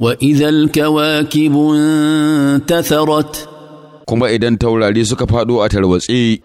وإذا الكواكب انتثرت كما إذا تولى لي سكفادو أتلوسي